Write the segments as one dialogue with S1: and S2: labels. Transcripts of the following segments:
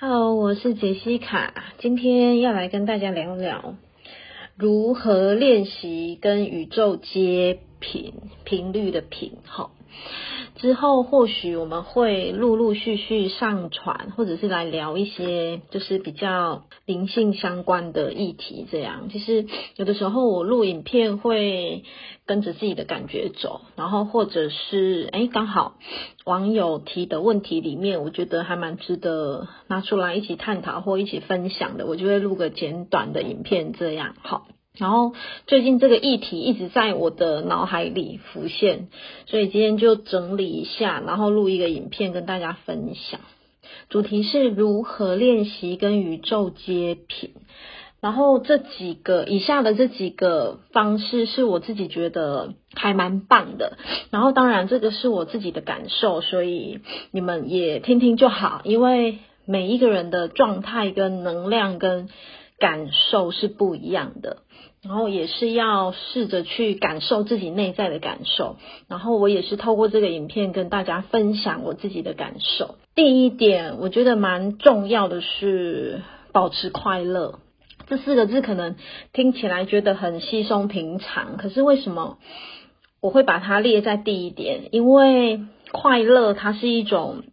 S1: 哈嘍，Hello, 我是潔西卡，今天要來跟大家聊聊如何練習跟宇宙接頻，頻率的頻，好。之後或許我們會陸陸續續上傳，或者是來聊一些就是比較靈性相關的議題。這樣其實有的時候我錄影片會跟着自己的感覺走，然後或者是誒剛好網友提的問題裡面，我覺得還蠻值得拿出來一起探討或一起分享的，我就會錄個簡短的影片這樣。好。然後最近這個議題一直在我的腦海裡浮現，所以今天就整理一下，然後錄一個影片跟大家分享。主題是如何練習跟宇宙接頻。然後這幾個以下的這幾個方式是我自己覺得還蠻棒的。然後當然這個是我自己的感受，所以你們也聽聽就好，因為每一個人的狀態跟能量跟感受是不一樣的。然後也是要試着去感受自己內在的感受。然後我也是透過這個影片跟大家分享我自己的感受。第一點，我覺得蠻重要的是保持快樂。這四個字可能聽起來覺得很稀鬆平常，可是為什麼我會把它列在第一點？因為快樂它是一種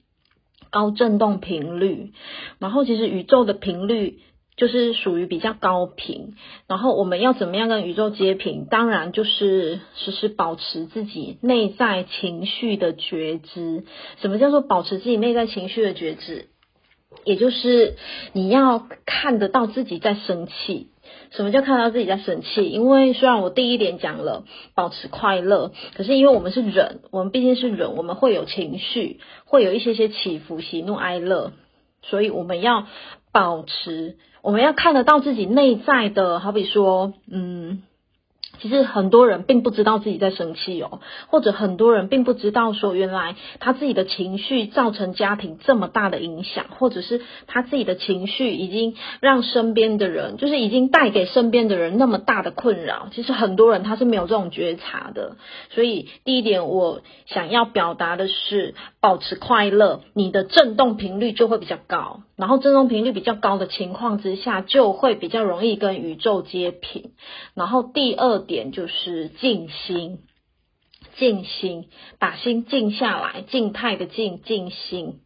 S1: 高振動頻率，然後其實宇宙的頻率。就是屬於比較高頻，然後我們要怎麼樣跟宇宙接頻？當然就是時時保持自己內在情緒的覺知。什麼叫做保持自己內在情緒的覺知？也就是你要看得到自己在生氣。什麼叫看到自己在生氣？因為雖然我第一點講了保持快樂，可是因為我們是人，我們畢竟是人，我們會有情緒，會有一些些起伏，喜怒哀樂，所以我們要。保持，我們要看得到自己內在的，好比說，嗯。其實很多人並不知道自己在生氣哦，或者很多人並不知道說原來他自己的情緒造成家庭這麼大的影響，或者是他自己的情緒已經讓身邊的人，就是已經帶給身邊的人那麼大的困擾。其實很多人他是沒有這種覺察的。所以第一點，我想要表達的是保持快樂，你的振動頻率就會比較高，然後振動頻率比較高的情況之下，就會比較容易跟宇宙接頻。然後第二，點就是靜心，靜心，把心靜下來，靜態的靜，靜心。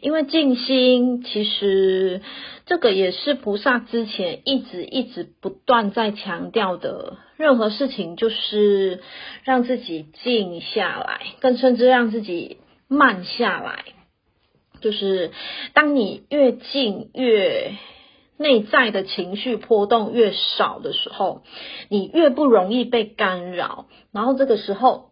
S1: 因為靜心，其實這個也是菩薩之前一直一直不斷在強調的，任何事情就是讓自己靜下來，更甚至讓自己慢下來。就是當你越靜越內在的情緒波動越少的時候，你越不容易被干擾，然後這個時候，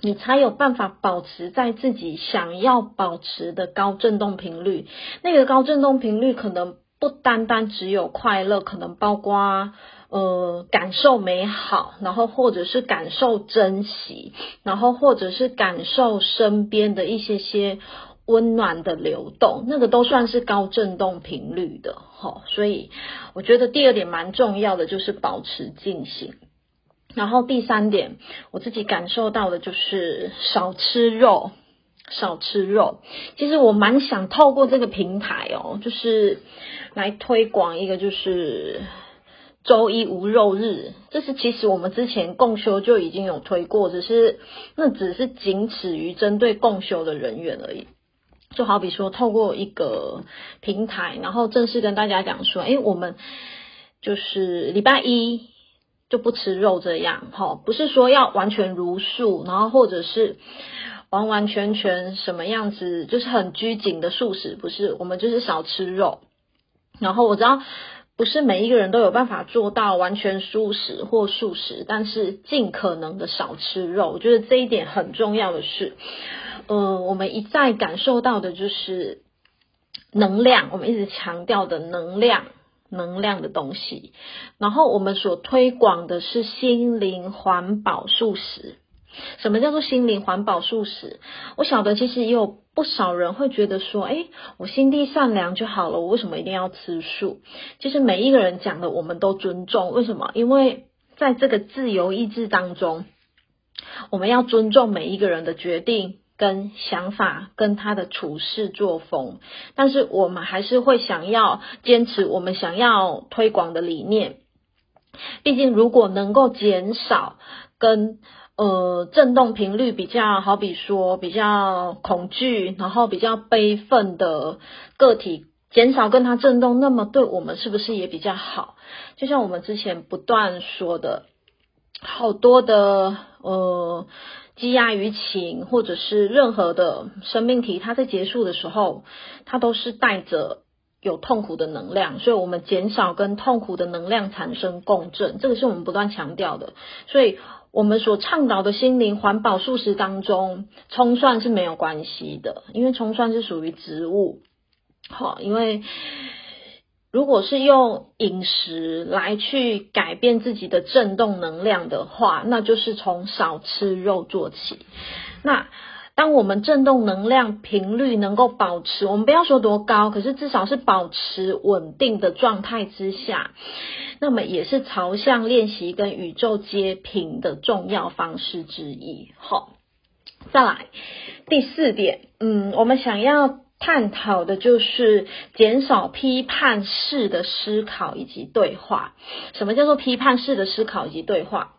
S1: 你才有辦法保持在自己想要保持的高振動頻率。那個高振動頻率可能不單單只有快樂，可能包括呃感受美好，然後或者是感受珍惜，然後或者是感受身邊的一些些。溫暖的流動，那個都算是高振動頻率的哈、哦，所以我覺得第二點蠻重要的就是保持靜心。然後第三點我自己感受到的就是少吃肉，少吃肉。其實我蠻想透過這個平台哦，就是來推廣一個就是周一無肉日，這是其實我們之前共修就已經有推過，只是那只是僅止於針對共修的人員而已。就好比說，透過一個平台，然後正式跟大家講說，哎，我們就是禮拜一就不吃肉這樣，吼、哦，不是說要完全茹素，然後或者是完完全全什麼樣子，就是很拘謹的素食，不是，我們就是少吃肉。然後我知道，不是每一個人都有辦法做到完全素食或素食，但是盡可能的少吃肉，我覺得這一點很重要的是。呃，我們一再感受到的就是能量，我們一直強調的能量，能量的東西。然後我們所推廣的是心靈環保素食。什麼叫做心靈環保素食？我曉得，其實也有不少人會覺得說，誒，我心地善良就好了，我為什麼一定要吃素？其實每一個人講的，我們都尊重。為什麼？因為在這個自由意志當中，我們要尊重每一個人的決定。跟想法，跟他的處事作風，但是我們還是會想要堅持我們想要推廣的理念。畢竟，如果能夠減少跟呃震動頻率比較，好比說比較恐懼，然後比較悲憤的個體減少跟他震動，那麼對我們是不是也比較好？就像我們之前不斷說的，好多的呃。雞鴨魚禽，或者是任何的生命體，它在結束的時候，它都是帶着有痛苦的能量，所以我們減少跟痛苦的能量產生共振，這個是我們不斷強調的。所以我們所倡導的心靈環保素食當中，蔥蒜是沒有關係的，因為蔥蒜是屬於植物，好、哦，因為。如果是用飲食來去改變自己的振動能量的話，那就是從少吃肉做起。那當我們振動能量頻率能夠保持，我們不要說多高，可是至少是保持穩定的狀態之下，那麼也是朝向練習跟宇宙接頻的重要方式之一。好，再來第四點，嗯，我們想要。探討的就是減少批判式的思考以及對話。什麼叫做批判式的思考以及對話？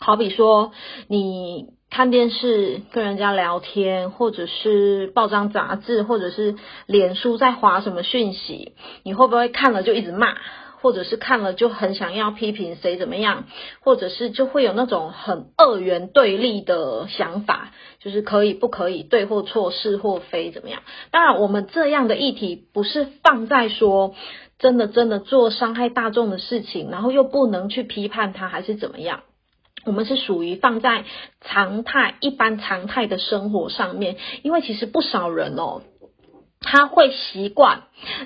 S1: 好比說，你看電視、跟人家聊天，或者是報章雜誌，或者是臉書在滑什麼訊息，你會不會看了就一直罵？或者是看了就很想要批評誰怎麼樣，或者是就會有那種很二元對立的想法，就是可以不可以對或錯、是或非怎麼樣？當然，我們這樣的議題不是放在說真的真的做傷害大眾的事情，然後又不能去批判他還是怎麼樣？我們是屬於放在常態一般常態的生活上面，因為其實不少人哦，他會習慣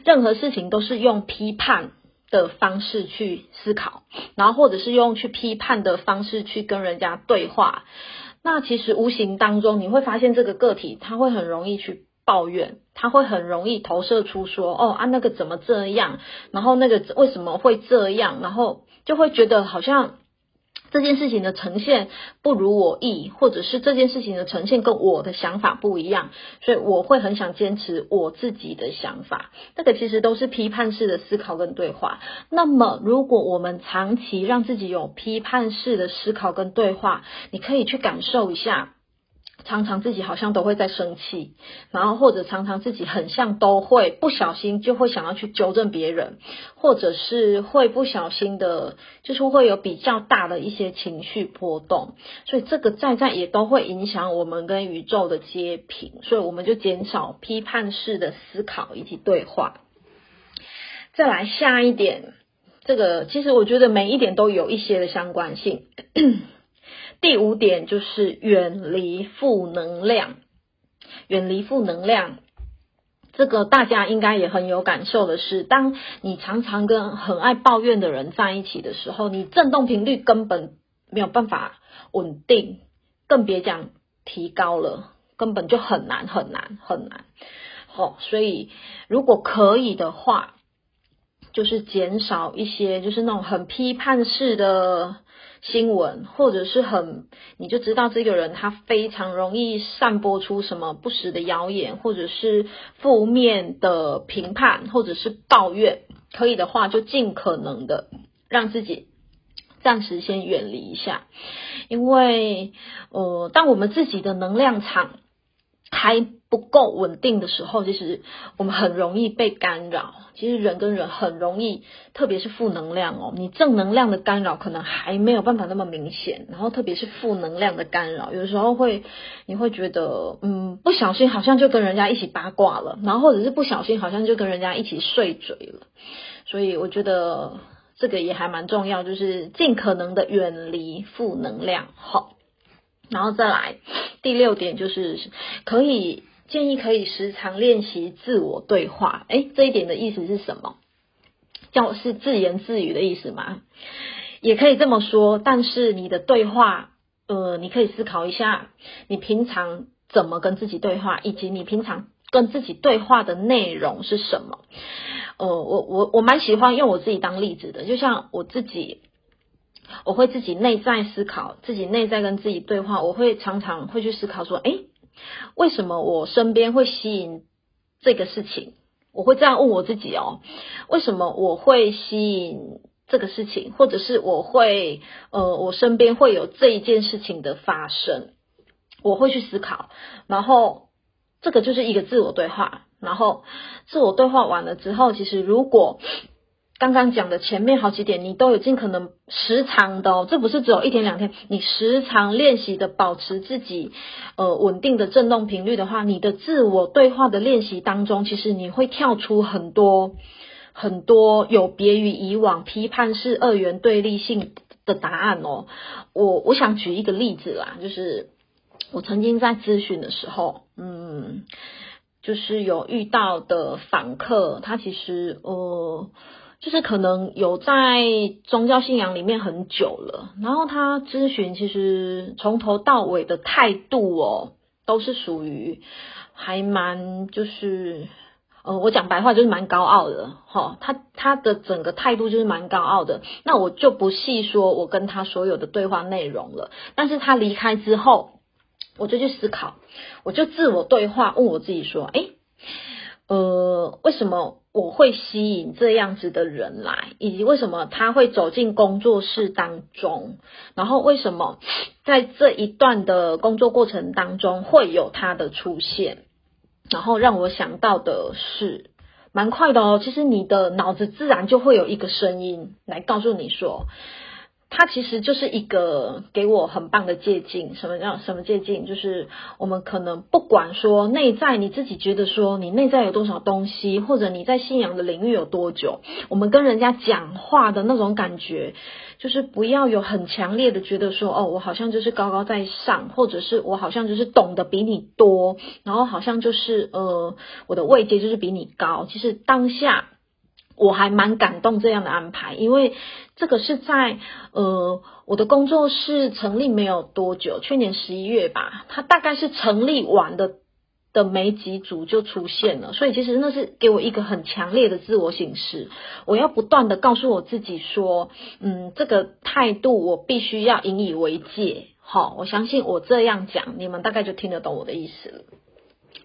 S1: 任何事情都是用批判。的方式去思考，然後或者是用去批判的方式去跟人家對話，那其實無形當中你會發現，這個個體他會很容易去抱怨，他會很容易投射出說，哦，啊，那個怎麼這樣，然後那個為什麼會這樣，然後就會覺得好像。這件事情的呈現不如我意，或者是這件事情的呈現跟我的想法不一樣，所以我會很想堅持我自己的想法。這個其實都是批判式的思考跟對話。那麼，如果我們長期讓自己有批判式的思考跟對話，你可以去感受一下。常常自己好像都會在生氣，然後或者常常自己很像都會不小心就會想要去糾正別人，或者是會不小心的，就是會有比較大的一些情緒波動，所以這個再再也都會影響我們跟宇宙的接頻，所以我們就減少批判式的思考以及對話。再來下一點，這個其實我覺得每一點都有一些的相關性。第五點就是遠離負能量，遠離負能量。這個大家應該也很有感受的是，當你常常跟很愛抱怨的人在一起的時候，你振動頻率根本沒有辦法穩定，更別講提高了，根本就很難很難很難。好，哦，所以如果可以的話，就是減少一些，就是那種很批判式的。新聞，或者是很，你就知道這個人他非常容易散播出什麼不實的謠言，或者是負面的評判，或者是抱怨。可以的話，就盡可能的讓自己暫時先遠離一下，因為呃，當我們自己的能量場開。不夠穩定的時候，其實我們很容易被干擾。其實人跟人很容易，特別是負能量哦。你正能量的干擾可能還沒有辦法那麼明顯，然後特別是負能量的干擾，有時時候會你會覺得，嗯，不小心好像就跟人家一起八卦了，然後或者是不小心好像就跟人家一起睡嘴了。所以我覺得這個也還蠻重要，就是盡可能的遠離負能量好，然後再來第六點就是可以。建議可以時常練習自我對話，欸，這一點的意思是什麼？叫是自言自語的意思嗎？也可以這麼說，但是你的對話，呃，你可以思考一下，你平常怎麼跟自己對話，以及你平常跟自己對話的內容是什麼？呃，我我我蠻喜歡用我自己當例子的，就像我自己，我會自己內在思考，自己內在跟自己對話，我會常常會去思考說，欸。為什麼我身邊會吸引這個事情？我會這樣問我自己哦，為什麼我會吸引這個事情？或者是我會呃，我身邊會有這一件事情的發生？我會去思考，然後這個就是一個自我對話，然後自我對話完了之後，其實如果剛剛講的前面好幾點，你都有盡可能時常的哦，這不是只有一天兩天，你時常練習的保持自己，呃穩定的振動頻率的話，你的自我對話的練習當中，其實你會跳出很多很多有別於以往批判式二元對立性的答案哦。我我想舉一個例子啦，就是我曾經在諮詢的時候，嗯，就是有遇到的訪客，他其實呃。就是可能有在宗教信仰裡面很久了，然後他諮詢其實從頭到尾的態度哦，都是屬於還蠻就是，呃，我講白話就是蠻高傲的齁。他他的整個態度就是蠻高傲的，那我就不細說我跟他所有的對話內容了。但是他離開之後，我就去思考，我就自我對話問我自己說，哎。呃，為什麼我會吸引這樣子的人來？以及為什麼他會走進工作室當中？然後為什麼在這一段的工作過程當中會有他的出現？然後讓我想到的是，蠻快的哦，其實你的腦子自然就會有一個聲音來告訴你說。它其實就是一個給我很棒的借鏡。什麼叫什麼借鏡？就是我們可能不管說內在你自己覺得說你內在有多少東西，或者你在信仰的領域有多久，我們跟人家講話的那種感覺，就是不要有很強烈的覺得說哦，我好像就是高高在上，或者是我好像就是懂得比你多，然後好像就是呃，我的位階就是比你高。其實當下。我還蠻感動這樣的安排，因為這個是在呃我的工作室成立沒有多久，去年十一月吧，它大概是成立完的的沒幾組就出現了，所以其實那是給我一個很強烈的自我警示，我要不斷的告訴我自己說，嗯，這個態度我必須要引以為戒，好、哦，我相信我這樣講，你們大概就聽得懂我的意思了。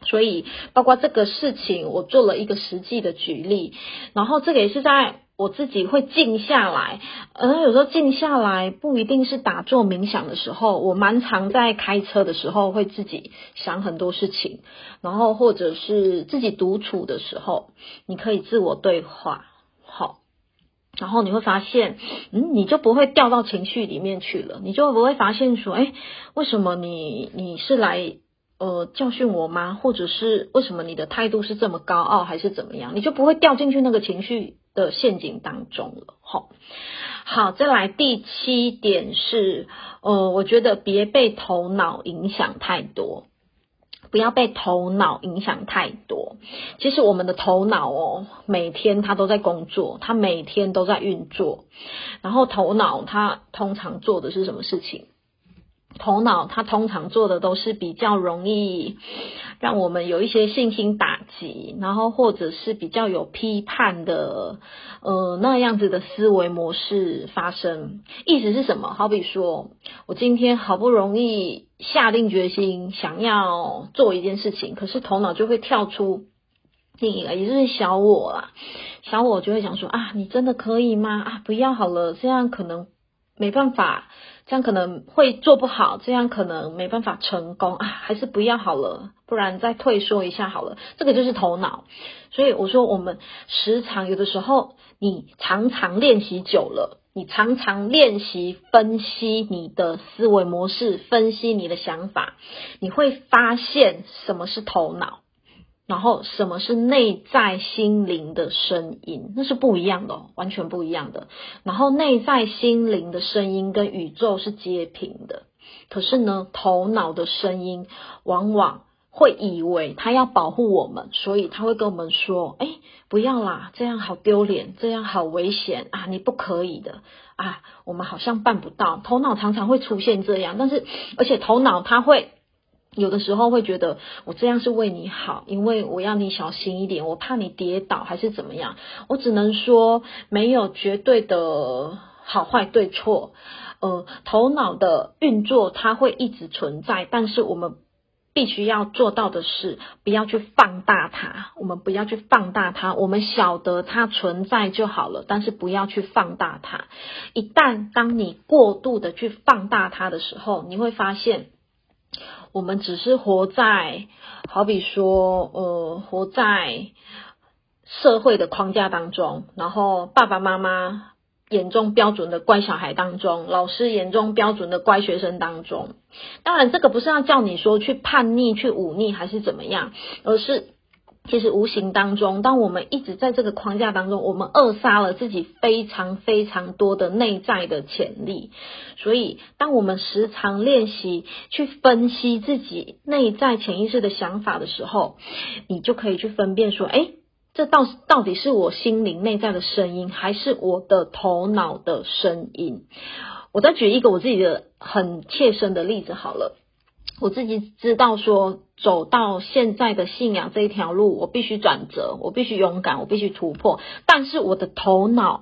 S1: 所以，包括這個事情，我做了一個實際的舉例。然後，這個也是在我自己會靜下來，嗯，有時候靜下來不一定是打坐冥想的時候，我蠻常在開車的時候會自己想很多事情，然後或者是自己獨處的時候，你可以自我對話，好，然後你會發現，嗯，你就不會掉到情緒裡面去了，你就不會發現說，哎，為什麼你你是來？呃，教訓我嗎？或者是為什麼你的態度是這麼高傲，哦，還是怎麼樣，你就不會掉進去那個情緒的陷阱當中了。吼、哦，好，再來第七點是，呃，我覺得別被頭腦影響太多，不要被頭腦影響太多。其實我們的頭腦哦，每天它都在工作，它每天都在運作。然後頭腦它通常做的是什麼事情？頭腦它通常做的都是比較容易讓我們有一些信心打擊，然後或者是比較有批判的呃那樣子的思維模式發生。意思是什麼？好比說我今天好不容易下定決心想要做一件事情，可是頭腦就會跳出另一個，也就是小我啦，小我就會想說啊，你真的可以嗎？啊，不要好了，這樣可能沒辦法。這樣可能會做不好，這樣可能沒辦法成功啊，還是不要好了，不然再退縮一下好了。這個就是頭腦，所以我說我們時常有的時候，你常常練習久了，你常常練習分析你的思維模式，分析你的想法，你會發現什麼是頭腦。然後什麼是內在心靈的聲音？那是不一樣的哦，完全不一樣的。然後內在心靈的聲音跟宇宙是接頻的。可是呢，頭腦的聲音往往會以為他要保護我們，所以他會跟我們說：“哎，不要啦，這樣好丟臉，這樣好危險啊，你不可以的啊，我們好像辦不到。”頭腦常常會出現這樣，但是而且頭腦它會。有的時候會覺得我這樣是為你好，因為我要你小心一點，我怕你跌倒還是怎麼樣。我只能說沒有絕對的好壞對錯，呃，頭腦的運作它會一直存在，但是我們必須要做到的是不要去放大它，我們不要去放大它，我們曉得它存在就好了，但是不要去放大它。一旦當你過度的去放大它的時候，你會發現。我們只是活在，好比說，呃，活在社會的框架當中，然後爸爸媽媽眼中標準的乖小孩當中，老師眼中標準的乖學生當中。當然，這個不是要叫你說去叛逆、去忤逆還是怎麼樣，而是。其實無形當中，當我們一直在這個框架當中，我們扼殺了自己非常非常多的內在的潛力。所以，當我們時常練習去分析自己內在潛意識的想法的時候，你就可以去分辨說，誒，這到到底是我心靈內在的聲音，還是我的頭腦的聲音？我再舉一個我自己的很切身的例子好了。我自己知道說，說走到現在的信仰這一條路，我必須轉折，我必須勇敢，我必須突破。但是我的頭腦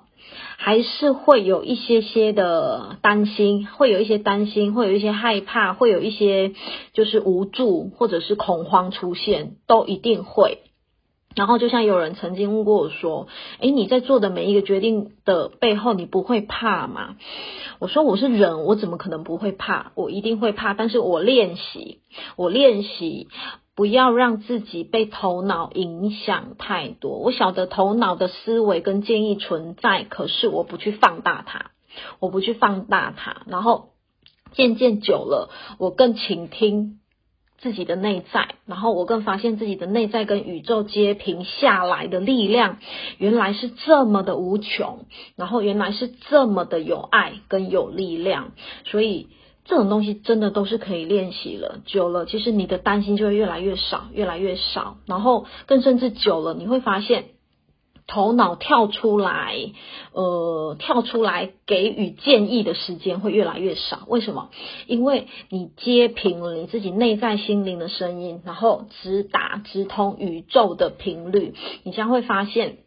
S1: 還是會有一些些的擔心，會有一些擔心，會有一些害怕，會有一些就是無助或者是恐慌出現，都一定會。然後就像有人曾經問過我說：“哎，你在做的每一個決定的背後，你不會怕嗎？”我說：“我是人，我怎麼可能不會怕？我一定會怕，但是我練習，我練習，不要讓自己被頭腦影響太多。我曉得頭腦的思維跟建議存在，可是我不去放大它，我不去放大它。然後漸漸久了，我更傾聽。”自己的內在，然後我更發現自己的內在跟宇宙接頻下來的力量，原來是這麼的無窮，然後原來是這麼的有愛跟有力量，所以這種東西真的都是可以練習了，久了，其實你的擔心就會越來越少，越來越少，然後更甚至久了，你會發現。頭腦跳出來，呃，跳出來給予建議的時間會越來越少。為什麼？因為你接頻了你自己內在心靈的聲音，然後直達直通宇宙的頻率，你將會發現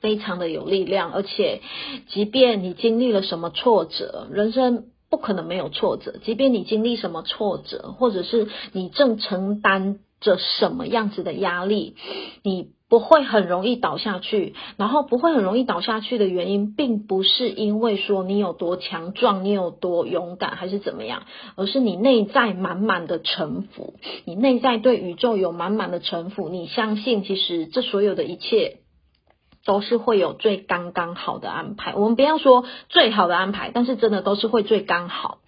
S1: 非常的有力量。而且，即便你經歷了什麼挫折，人生不可能沒有挫折；即便你經歷什麼挫折，或者是你正承擔着什麼樣子的壓力，你。不會很容易倒下去，然後不會很容易倒下去的原因，並不是因為說你有多強壯，你有多勇敢，還是怎麼樣，而是你內在滿滿的臣服，你內在對宇宙有滿滿的臣服，你相信其實這所有的一切都是會有最剛剛好的安排。我們不要說最好的安排，但是真的都是會最剛好，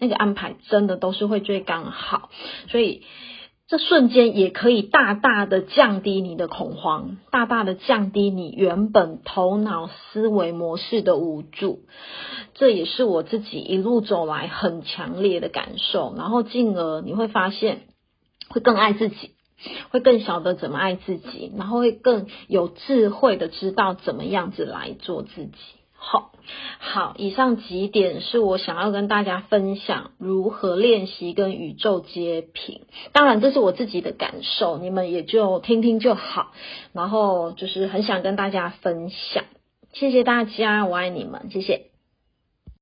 S1: 那個安排真的都是會最剛好，所以。這瞬間也可以大大的降低你的恐慌，大大的降低你原本頭腦思維模式的無助。這也是我自己一路走來很強烈的感受。然後進而你會發現，會更愛自己，會更曉得怎麼愛自己，然後會更有智慧的知道怎麼樣子來做自己。好。好，以上幾點是我想要跟大家分享如何練習跟宇宙接頻。當然，這是我自己的感受，你們也就聽聽就好。然後就是很想跟大家分享，謝謝大家，我愛你們，謝謝。